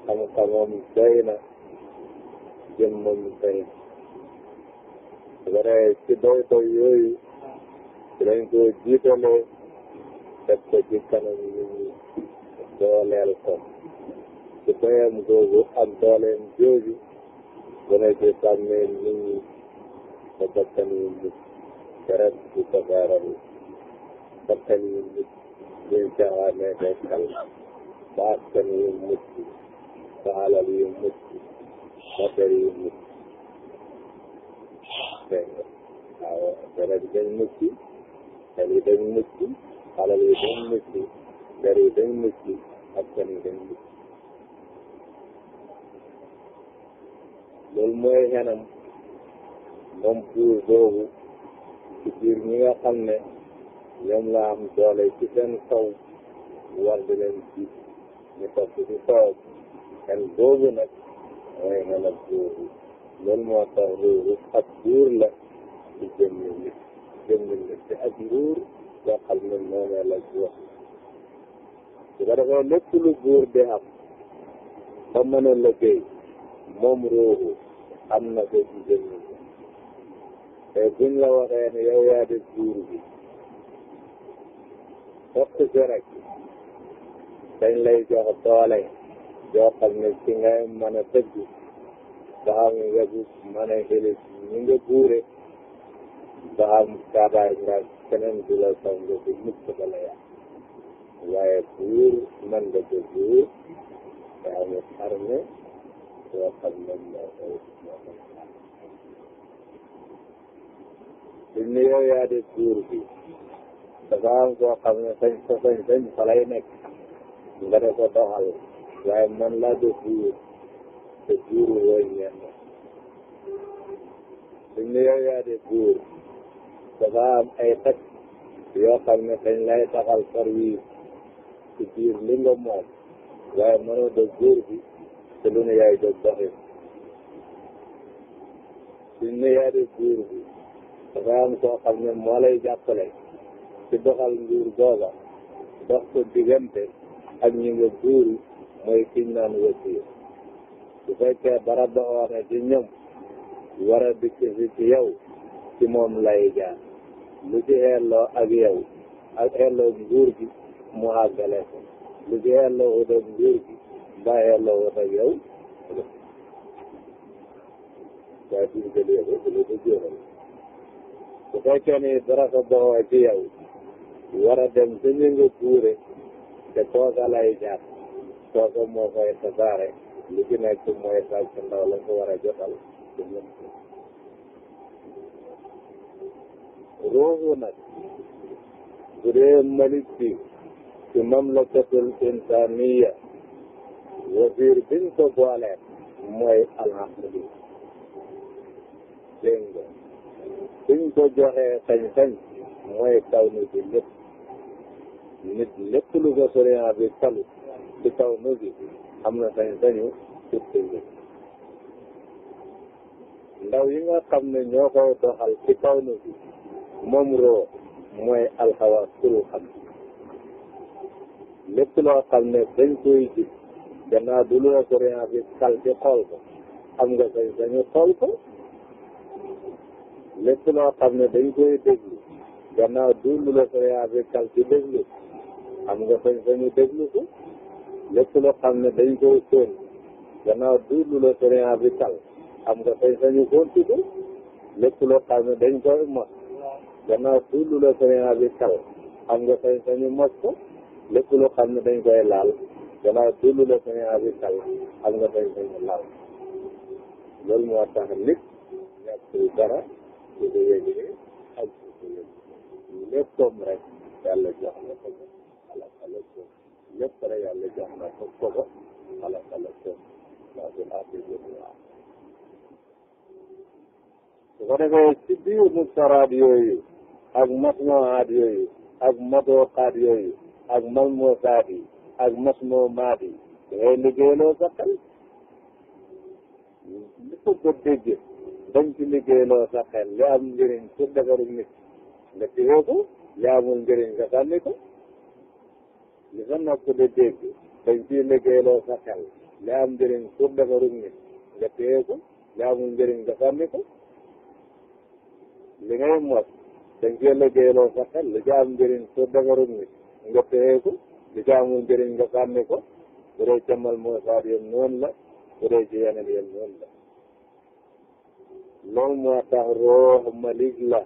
xam-xamam doy na jëmmam doy na su ko defee ci doy doy yooyu ci lañ ko jiitalee def ko ci kanam nit ñi dooleel ko ci doyam googu ak dooleem jooju bu ne ci sàmmee nit ñi ba bakkan yu mujj deret du ko gaaral bakkan yu mujj yuñ caaxaane dekkal ba askan yu mujj ba alal yu mujj ba der yu mujj waaw deret dañ mujj xel yi dañ mujj alal yi dañ mujj der yi dañ mujj askan yi dañ mujj loolu mooy xenam moom buur boobu ci biir ñi nga xam ne ñoom la am doole ci seen kaw war di leen ji ñu topp ci kawam xel boobu nag mooy xelal buur bi moo tax loolu ak buur la di jëmmi nit jëmmi te ak nguur boo xam ne moomee la buur su ko defee lépp lu buur di am ba mën a liggéey moom ruuxu am na ko ci jëmmi te buñ la waxee ne yow yaa def buur bi topp si rek dañ lay jox doole yoo xam ne ci ngay mën a tëgg ba xam nga bu mën a xilis ñu nga buure ba xam kaataay nga keneen du la sang bi mukk ba la yàq waaye buur mën nga ko buur yaa ngi armé yoo xam ne moo koy moo duñ ne yow yaa def buur bi dafa am koo xam ne sañ sa sañ sañ fa lay nekk nga ne ko doxal waaye man laa def buur te buur wooy ñenn duñ ne yow yaa def ay takk yoo xam ne sañ lay taxal service ci biir li nga moom waaye mënoo def buur bi te lu ne yaay jóg ne yaa def buur bi dafay am koo xam ne moo lay jàppale ci doxal nguur googa dox ko diggante ak ñi nga guuru mooy kiñ naan wasiir su fekkee dara doxoona ci ñoom war a ci yow ci moom lay jaar lu ci xeelloo ak yow ak xeelloo nguur gi mu àggale ko lu ci xeelloo wut ak nguur gi ba xeelloo wut ak yow bu fekkee ni dara sa bawoo ci war a dem sa ñu nga tuure te koosa lay jaar koosa moo koy mooy saag sa ndaw la ko war a jotal ruuxu nag bu dee malik bi ci mamlakatul insaniya wasiir ko boolee mooy alhamdulilah dégg ko joxee sañ-sañ mooy taw nu bi lépp nit lépp lu ko soriant bi tal di taw nu bi am na sañ-sañu ndaw yi nga xam ne ñoo ko doxal ci taw nu bi moom roo mooy alxawaas turu xam lépp loo xam ne dañ koy ji gannaaw du lu ko soriant bi tal di xool ko am nga sañ-sañu xool ko lépp loo xam ne dañ koy déglu gannaaw dund la sariya bi kal ci déglu xam nga sañ-sañu déglu ko lépp loo xam ne dañ koy tóol gannaaw dund la sariya bi kal xam nga sañ-sañu konti ko lépp loo xam ne dañ koy mos gannaaw dund la sariya bi kal xam nga sañ-sañu mos ko lépp loo xam ne dañ koy laal gannaaw dund la sariya bi kal xam nga sañ-sañu laal loolu moo tax nit ñàkkul dara bu déwénee ak bu déwénee léppam rek yàlla jox na ko xalaqala ko lépp rek yàlla jox na ko koko xalaqala ko laa bil ardi jamii'an su ko defee ci biir muftaraat yooyu ak masnuaat yooyu ak madooqaat yooyu ak malmuusaat yi ak masnuumaat yi dangay liggéeyloo sa xel li ko ko déggee bañ ci liggéeyloo sa xel li am njëriñ pour defaru nit nga tigoo ko li amul njëriñ nga sànni ko li sa nopp di dégg dañ ciy liggéeyloo sa xel li am njëriñ pour defaru nit nga tigoo ko li amul njëriñ nga sànni ko li ngay mos dañ ciy liggéeyloo sa xel li ci am njëriñ pour defaru nit nga tigoo ko li ci amul njëriñ nga sànni ko bu dee jëmmal moo saat yéen noonu la bu dee ci yeneen yéen noonu la loolu moo tax roox malik la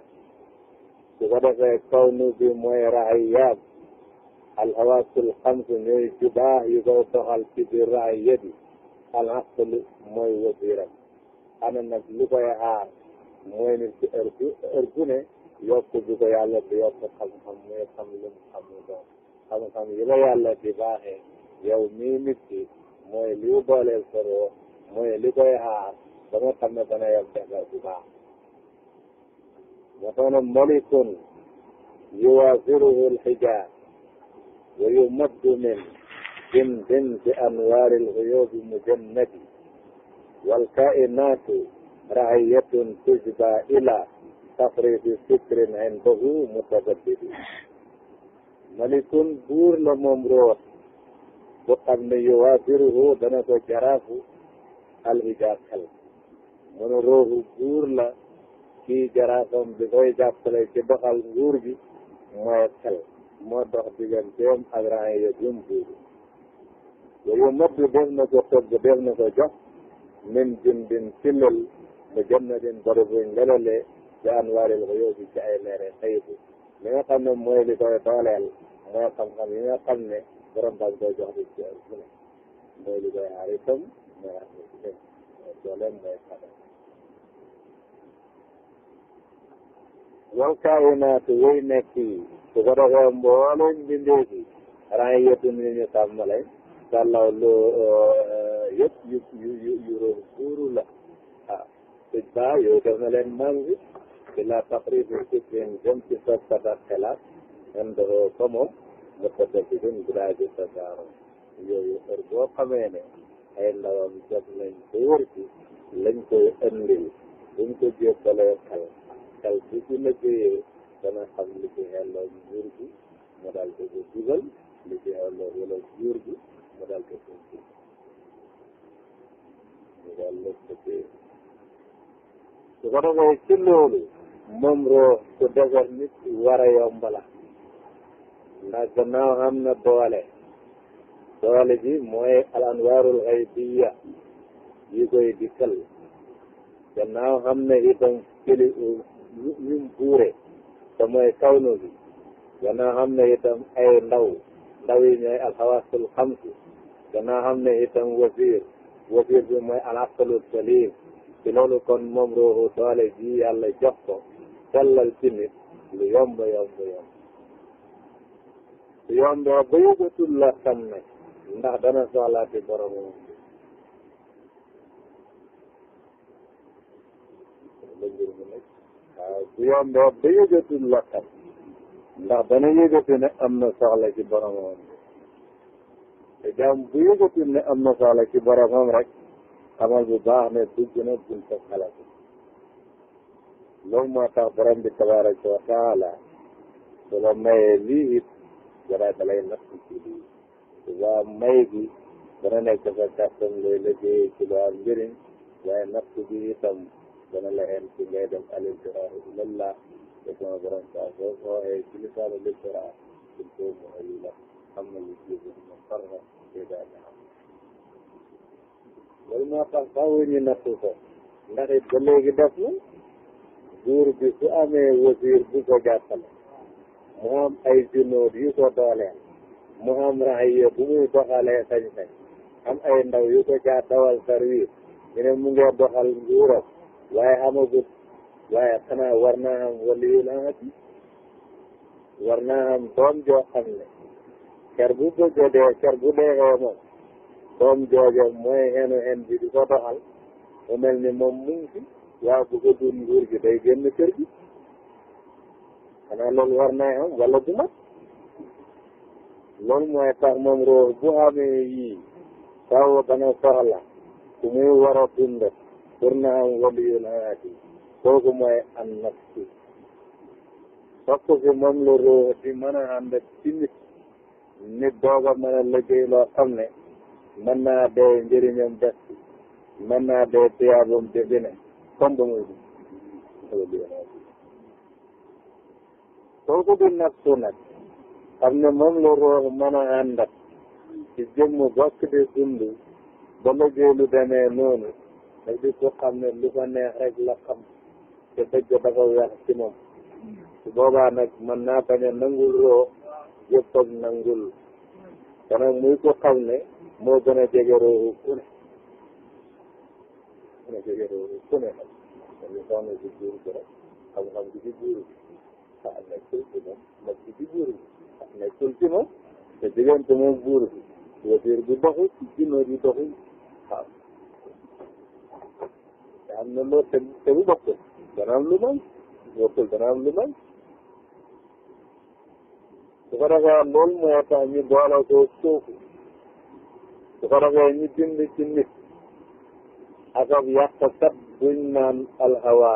su ko kaw nu bi mooy raxayaat alxawaasul xams ñooy ci baax yu koy doxal ci biir raxayat yi mooy wasiram ana nag lu koy mooy nit ci heure bu heure bu ne bi ko xam-xam muy xam lu xam-xam yi la yàlla di yow mii nit ki mooy li booleel sa roox mooy li koy ba nga xam ne dana yor jafe bu baax moo tax nag malikun yuwaaziruhu alxijaar wa yumaddu min jimdin bi anwaari alxuyuubi mujannadi walkaainaatu raayatun tujba ila tafridi fikrin indahu mutabaddidi malikun buur la moom root bu xam ne yuwaaziruhu dana ko jaraafu alxijaar xel mu ne rooxu buur la kii jaraafam bi koy jàppale ci doxal nguur bi mooy xel moo dox digganteem ak rang ya jëm buur yooyu nopp na ko togg def na ko jox min jundin ci lël ba jannatin barabu ngelalee bi anwaaril xuyuubi ci ay leere xëybu li nga xam ne mooy li koy dooleel mooy xam ne borom dañ koy jox di ci mooy li koy mooy aar ci dëkk mooy dooleem mooy xamal wal kaayinaat way nekk yi su ko defee mboolem mbindeef yi rang yëpp ni ñu tàmm lañ sàllaw loo yëpp yu yu yu yu room suuru la waaw ah, suñ baa yooyu def na leen mangi ci la taqrib ci seen jëm ci sa satat xelaat en dafa ko moom mu tëdd ci suñ gudaa sa saaro yooyu heure boo xamee ne ay ndawam jot nañ ko wër ci lañ koy ëndil buñ ko jébbalee xel xel bu ko liggéeyee dana xam li ci xelloo nguur gi mu daal ko ko dugal li ci xelloo wala nguur gi mu daal ko ko dugal mu daal la liggéey su ko defee ci loolu moom roo ku degoon nit ki war a yomb la ndax gannaaw xam na doole doole bi mooy al anwaarul xaybiya yi koy dikkal gannaaw xam na itam kili yu mu buure te mooy kawnu bi gannaaw xam ne itam ay ndaw ndaw yi ñooy alxawasul xamsi gannaaw xam ne itam wasiir wasiir bi mooy alaqalu salim ci loolu kon moom rooxu doole ji yàlla jox ko sellal ci nit lu yomb yomb yomb lu yomb ba yëgatul la xam ne ndax dana soxlaati boromam bi bu yomboo ba yëgatul lottal ndax dana yëgati ne am na soxla ci boromam te jaam bu yëgatul ne am na soxla ci boromam rek xamal bu baax ne dugg na xalaat loolu moo tax borom bi tabaraka wa taala su la mayee lii it dara dalay natt ci lii may gi dana nekk sa kàttan lay liggéey ci lu am njëriñ waaye natt bi itam dana la xeen ci ngay dem alil tiraa ilallah te sama borom saa soo ko waxee ci lisaanu lil tiraa il faut mu xëyu la xam na lu jiitu mu farra te daal di xam loolu moo tax faaw ñu nattu ko ndax it ba léegi def na buur bi su amee wasiir bu ko jàppale mu am ay junóot yu ko dooleel mu am raaya bu muy doxalee sañ-sañ am ay ndaw yu ko caa dawal service ñu ne mu ngi doxal nguuram waaye amagut waaye xanaa war naa am wala yu la war naa am doom joo xam ne ker bu bëgg a dee ker bu deexee moom doom joojo mooy xenu xen bi di ko ni moom mu ngi fi waaw bu ko dund gi day génn gi xanaa loolu war naa am wala bu mat loolu mooy tax moom roox bu amee yii taw dana soxla ku muy war a pour na am waliyul hayaati kooku mooy an nafsi sopp si moom la ruux di mën a ànd ci nit nit dooga mën a liggéey loo xam ne mën naa dee njëriñam des mën naa dee tiyaabam de bine comme ba muy kooku di nafsu nag xam ne moom la ruux mën a ànd ci jëmm bokk di dund ba liggéey lu demee noonu da di ko xam ne lu ko neex rek la xam te dëgg dafa weex ci moom su boobaa nag mën naa bañ a nangul roo yëpp ak nangul te nag muy ko xam ne moo gën a jege rooru ku ne gën a jege rooru ku ne nag dañu soxla ci buur bi rek xam-xam bi ci buur bi ah nekkul ci moom nag bi ci buur bi ah nekkul ci moom te diggante moom buur bi wasiir bi doxul ci jinne bi doxul waaw am na loo tegu tegu bokkul dana am lu may bokkul dana am lu may su ko defee loolu moo tax ñu boole ko suufu su ko defee ñu dind ci nit ak ab yàqkat buñ naan alhawa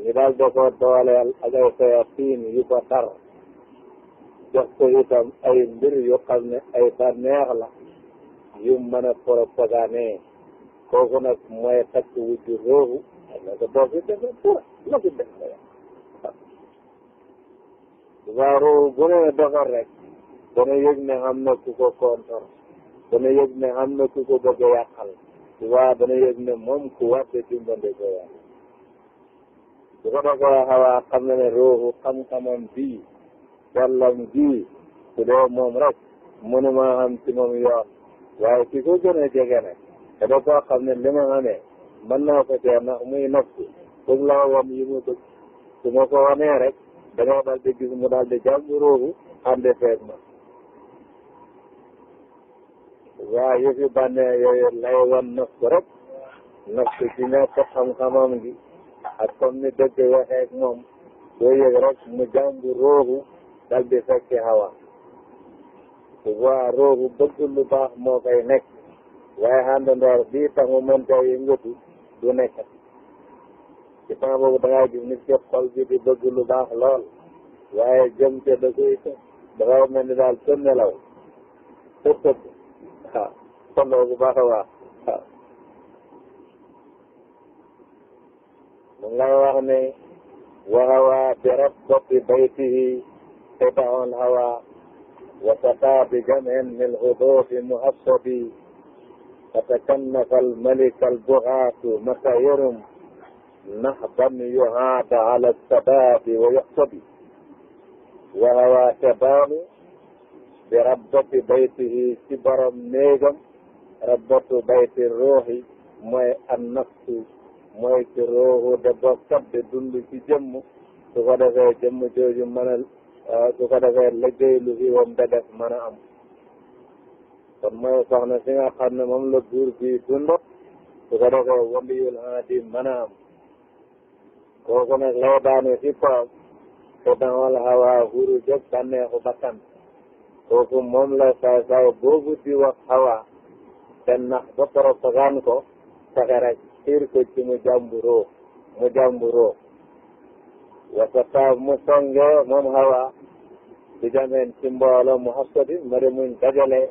ñu daal da ko dooleel ak ay sayatin yu ko tar jox ko itam ay mbir yu xam ne ay bànneex la yu mën a propagandé kooku nag takk wujju roobu la ko doog ko def dara waaw roobu bu ne doxal rek dana yëg ne xam na ku ko kontor dana yëg ne xam na ku ko bëgg a yàqal waaw dana ne moom ku wàtte dimbande ko yàlla bu ko doxee xawaa xam na ne roobu xam-xamam bii wàllam bii su dee moom rek mënuma xam ci moom yoon waaye ki ko gën a dama koo xam amee mën naa ko cee na muy noppi bëgg laa wam yi mu bëgg su ma ko wanee rek dama daal di gis mu daal di jàmbu roobu ànde feeg ma waa yëfi bànnee lay wan naf ko rek naf ci ñàkk xam-xamam gi ak comme ni dëgg waxee moom doo yëg rek mu jàmbu roobu daal di fekki hawa waa roobu bëgg lu baax moo koy nekk waaye àndandoor bii tax mu mën caa yëngatu du nekk ci temps boobu da ngaa gis nit ki xol di bëgg lu baax lool waaye jëm ca da koy dafa mel ni daal sën nelaw tëb tëb waaw tolloo bu baax a baax waaw mu ngay wax ne waxawaa bi rab boppi baytihi فتكنف الملك البغاة مساير نهضا يهاب على السباب ويحتبي وهوى شباب بربة بيته كبرا نيجم ربة بيت الروح mooy an nafsu mooy ci roohu da bokkat de dund ci jëmm su ko defee jëmm jooju mën a su ko defee lu fi wam da def mën am kon mooy soxna si nga xam ne moom la buur bi dund su ko defee waliyul haadi mën a am kooku nag te dawal hawa huru jóg bànneexu bakkan kooku moom la saa saa boobu di wax hawa te nax ba propagande ko fexe rek xiir ko ci mu jàmburoo mu jàmburoo wasa taab mu songe moom hawa di jameen ci mbooloo mu xasadi mari muñ dajale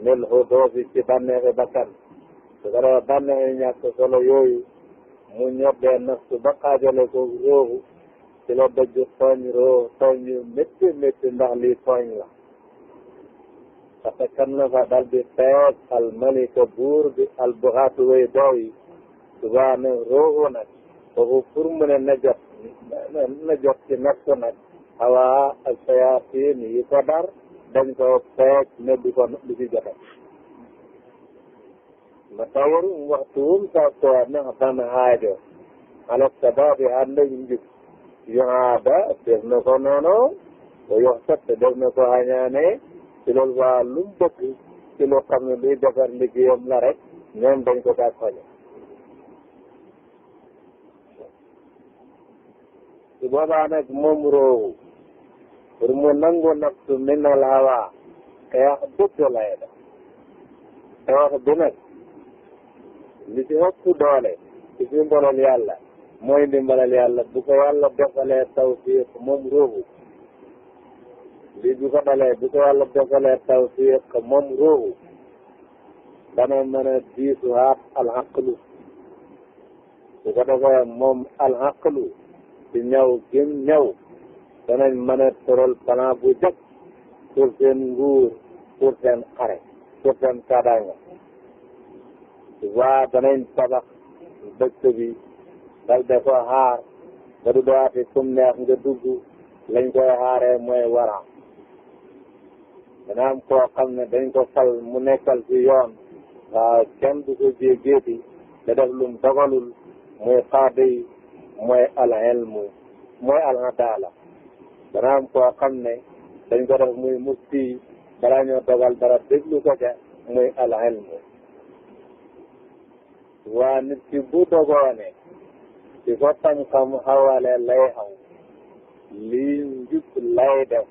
mil hudoosi ci bànneexi bakkan su ko defee bànneexi ñàkk solo yooyu mu ñoddee nafsu ba xaajale ko rooxu ci la dëgg tooñ roo tooñ yu métti métti ndax lii tooñ la parce que kan la fa dal di fees almalika buur bi albuxaatu way doow yi subaane rooxu nag foofu pour mu ne na jot na jot ci nafsu nag xawaa ak sayaatiin yi ko dar dañ koo peeg ne du ko du ci joxe nga tawar waxtu wum sakkoo nax ban haajo alak sababi ànd ak njub yuhaada def na ko noonu te yox sat def na ko añaane ci loolu waa lum bëgg ci lu xam ne luy defar liggéeyam la rek ñoom dañ ko kaa xoñe su boobaa nag moom pour mu nangu nafsu min al hawa te wax dëgg lay def te wax bi nag li ci ëpp doole ci fi mbalal yàlla mooy ndimbalal yàlla bu ko yàlla defalee tawfiq moom ruuxu moom ruuxu dana mën a diisu haat alxaqlu bu ko defee moom alxaqlu ci ñaw gim ñaw danañ mën a tëral plan bu jag pour seen nguur pour seen xare pour seen kaadaanga waa danañ tabax dëkk bi dal de ko xaar ba du doyaati kum nga dugg lañ koy xaaree mooy waraam dana am koo ne dañ ko fal mu nekkal ci yoon waaw kenn du ko jéegéeti da def lum dogalul muy xaadi mooy alxelmu mooy alxadaala dana am koo xam ne dañ ko def muy mufti balaa ñoo dogal dara déglu ko ca muy al ilmu waa nit ki bu dogoone di ko xam-xam xawale lay xaw lii njub lay def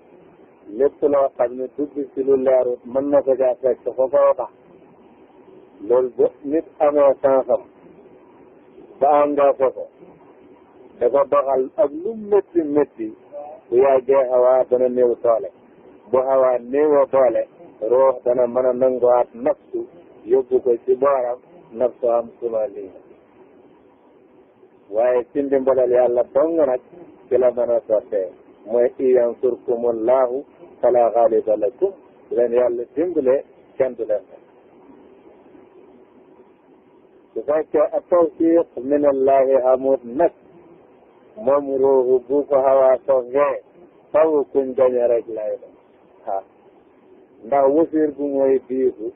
lépp loo xam ne dugg ci lu leerut mën na ko caa fekk fa koo tax loolu bu nit amee sansam ba am nga ko ko doxal ak lu métti métti bu yàggee hawa dana néew doole bu hawa néewoo doole ruux dana mën a nanguwaat nafsu yóbbu ko ci booram nafsu am suma lii waaye ci ndimbalal yàlla dong nag ci la mën a sottee mooy in yansurkumullahu fala ghaliba lakum leen yàlla dimbale kenn du leen su fekkee at tawfiq min allahi amut nag moom ruuxu bu ko xawaa songee faw kuñ gañe rek lay doon waaw ndax wasir bu mooy diiku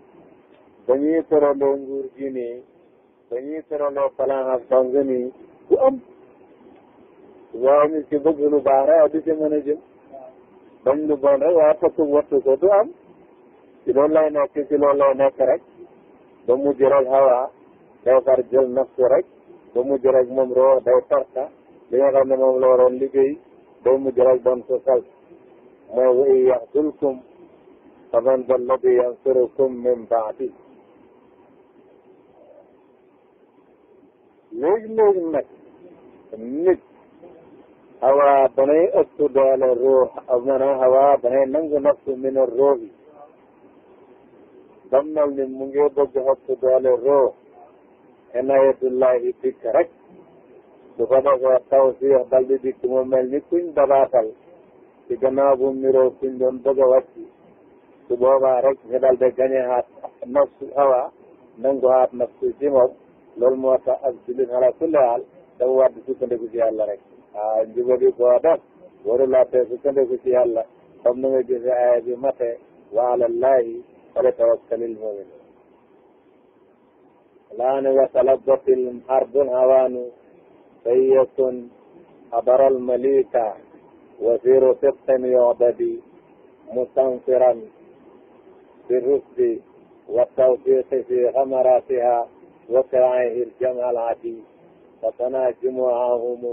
ba ñuy tëraloo nguur gi nii ba ñuy tëraloo palaan ak song am waaw nit ki bëgg lu baax rek du ci mën a jëm bañ lu bon rek waaye fokk wattu du am ci loolu lay nekk ci loolu lay nekk rek ba mujj rek xawaa day far jël nafsu rek ba li nga xam ne liggéey ba mu jaral doon sa sal mooy wa in yaxdulkum faman da alladi yansurukum min baadi léegi léegi nag nit xawaa danay ëpp doole ruux maanaam xawaa danay nangu nafsu min ruux yi ba mu mel ni mu ngi bëgg ëpp doole ruux inayatullahi dikk rek su ko defee tawfiix dal di dikk ni kuñ dabaatal ci gannaaw bu niroo kuñ doon bëgg a wàcc su boobaa rek ñu dal di gañe haat nafsu hawa nangu haat nafsu ci moom loolu moo tax ak jullit ala kulli haal dafa war di sukkandiku ci yàlla rek waaw njubadi koo def waru laa tee sukkandiku ci yàlla comme ni nga gisee aaya bi mate wa alallahi fali tawakkalil mu'min laani wasalat botil ardun hawaanu فيكن حضر المليكة وزير صدق يعبد مستنصرا بالرشد والتوفيق في غمراتها وقعه الجمع العدي وصنع جموعهم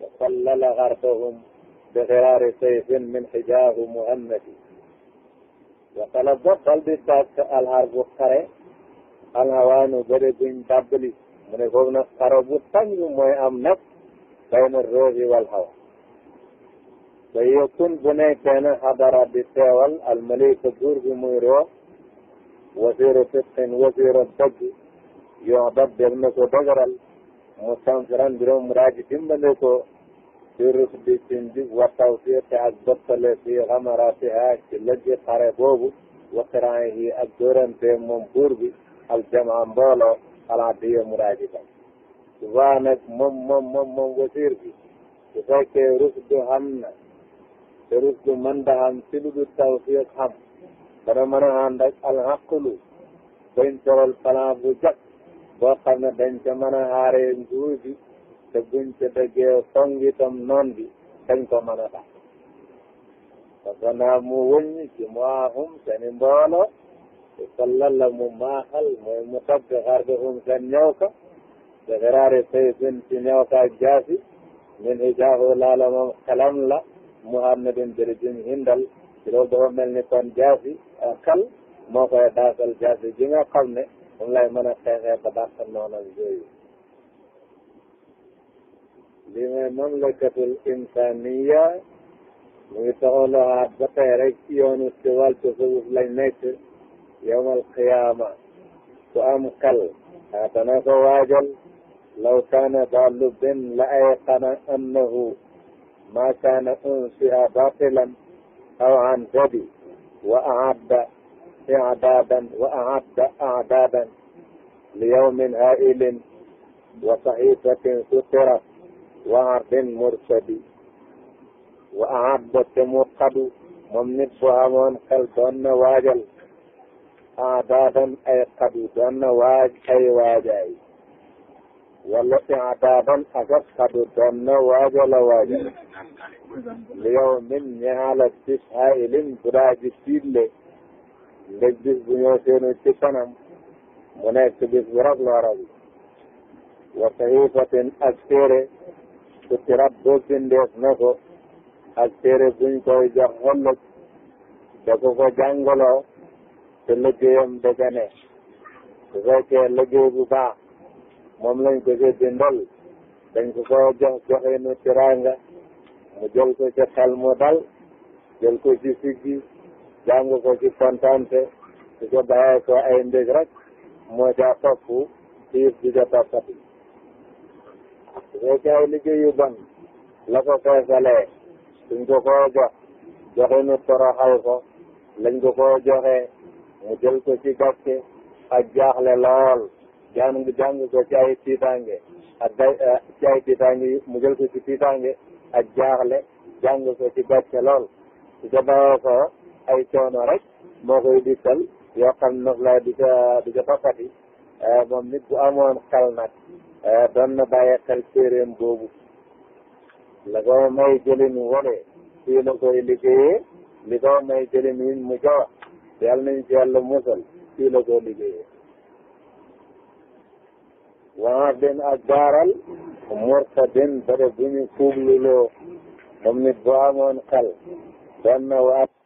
وصلل غربهم بغرار سيف من حجاه مهمد وطلب قلبي الحرب الهوان برد دبلي mu ne foofu nag xaro bu tàng mooy am nag bay na roog yi wal xaw ba yokkun bu nekkee na xadara di teewal almalika buur bi muy roo wasiiru fitxin wasiiru dëgg yoo dab def na ko dëgëral mu sanfiran biroom raaji dimbale ko ci rus di ci njub wa tawfiq ak bottale fi xamaratiha ci lëjji xare boobu wa qiraayi ak dóorante moom buur bi aljamaa mbooloo xalaat di yemu daa ji tam nag moom moom moom moom wasiir bi su fekkee rusdu xam na te rusdu mën da xam si lu dul tawfiq xam dana mën a ànd ak alxaqlu bañ toral plan bu jag boo xam ne dañ ca mën a xaaree nguur bi te buñ ca dëggee song itam noon bi dañ ko mën a tax parce naa mu wëññi ci moahum seeni mbooloo te sallal la mu maaxal mooy mu topp di xaar ba xum seen ñëw ka de xiraari say sin ci ñëw ka ak jaasi min hijaahu laala moom xelam la mu xam ne din jërëjëm hindal ci loolu dafa mel ni kon jaasi ak moo koy daasal jaasi ji nga xam ne moom lay mën a xeexee ba dàqal noonam yooyu li may mamlakatul insaniya mu ngi taxaw loo xaat ba tey rek ci yoonu si wàllu nekk yawmal qiyaama ku am kal xaatana ko waajal law kaana daa lubbin la ayqana annahu ma kaana unsi'a baatilan aw an jadi wa a'adda i'daadan wa a'adda a'daadan li yawmin haa'ilin wa sahiifatin sutirat wa ardin mursadi wa a'adda te mu qadu moom nit fu amoon xel doon na waajal adaadan ay xabi doon na waaj ay waajaay wala si adaadan ak ak xabi doon na waajala waajal li yow min ñaala bis hailin budaa ji tiitle ndeg bis bu ñëw seenu ci kanam mu nekk bis bu la rag wa sahifatin ak téere su tirat boo bindeef na ko ak téere buñ koy jox xollut da te liggéeyam dëgg ne su fekkee liggéey bu baax moom lañ ko jël bindal dañ ko ko jox joxe nu tiraanga mu jël ko ci xel mu dal ko ci siggi jàng ko ci kontante su ko bàyyee ko rek moo ca topp xiif di ko toppati su fekkee ay liggéey yu bon la ko feesalee suñ ko ko joxe nu toroxal ko lañ ko ko joxee mu jël ko ci gàcce ak jaaxle lool jàng jàng ko ci ay tiitaange ak day eh, ci ay tiitaange yi mu jël ko ci tiitaange ak jaaxle jàng ko ci gàcce lool su ca bàyyoo ko ay coono rek moo koy dikkal yoo xam ne ca di ca toppati eh, moom nit bu amoon xel nag eh, doon na bàyyi xel téeréem boobu la ko may jëlin wole fii la koy liggéeyee li ko may jëlin mu jox yàlla nañ ci yàlla musal fii la ko liggéeyee waa den ak baaral morta den ba de bu ñu fuubluloo comme nit boo amoon xel doon na waat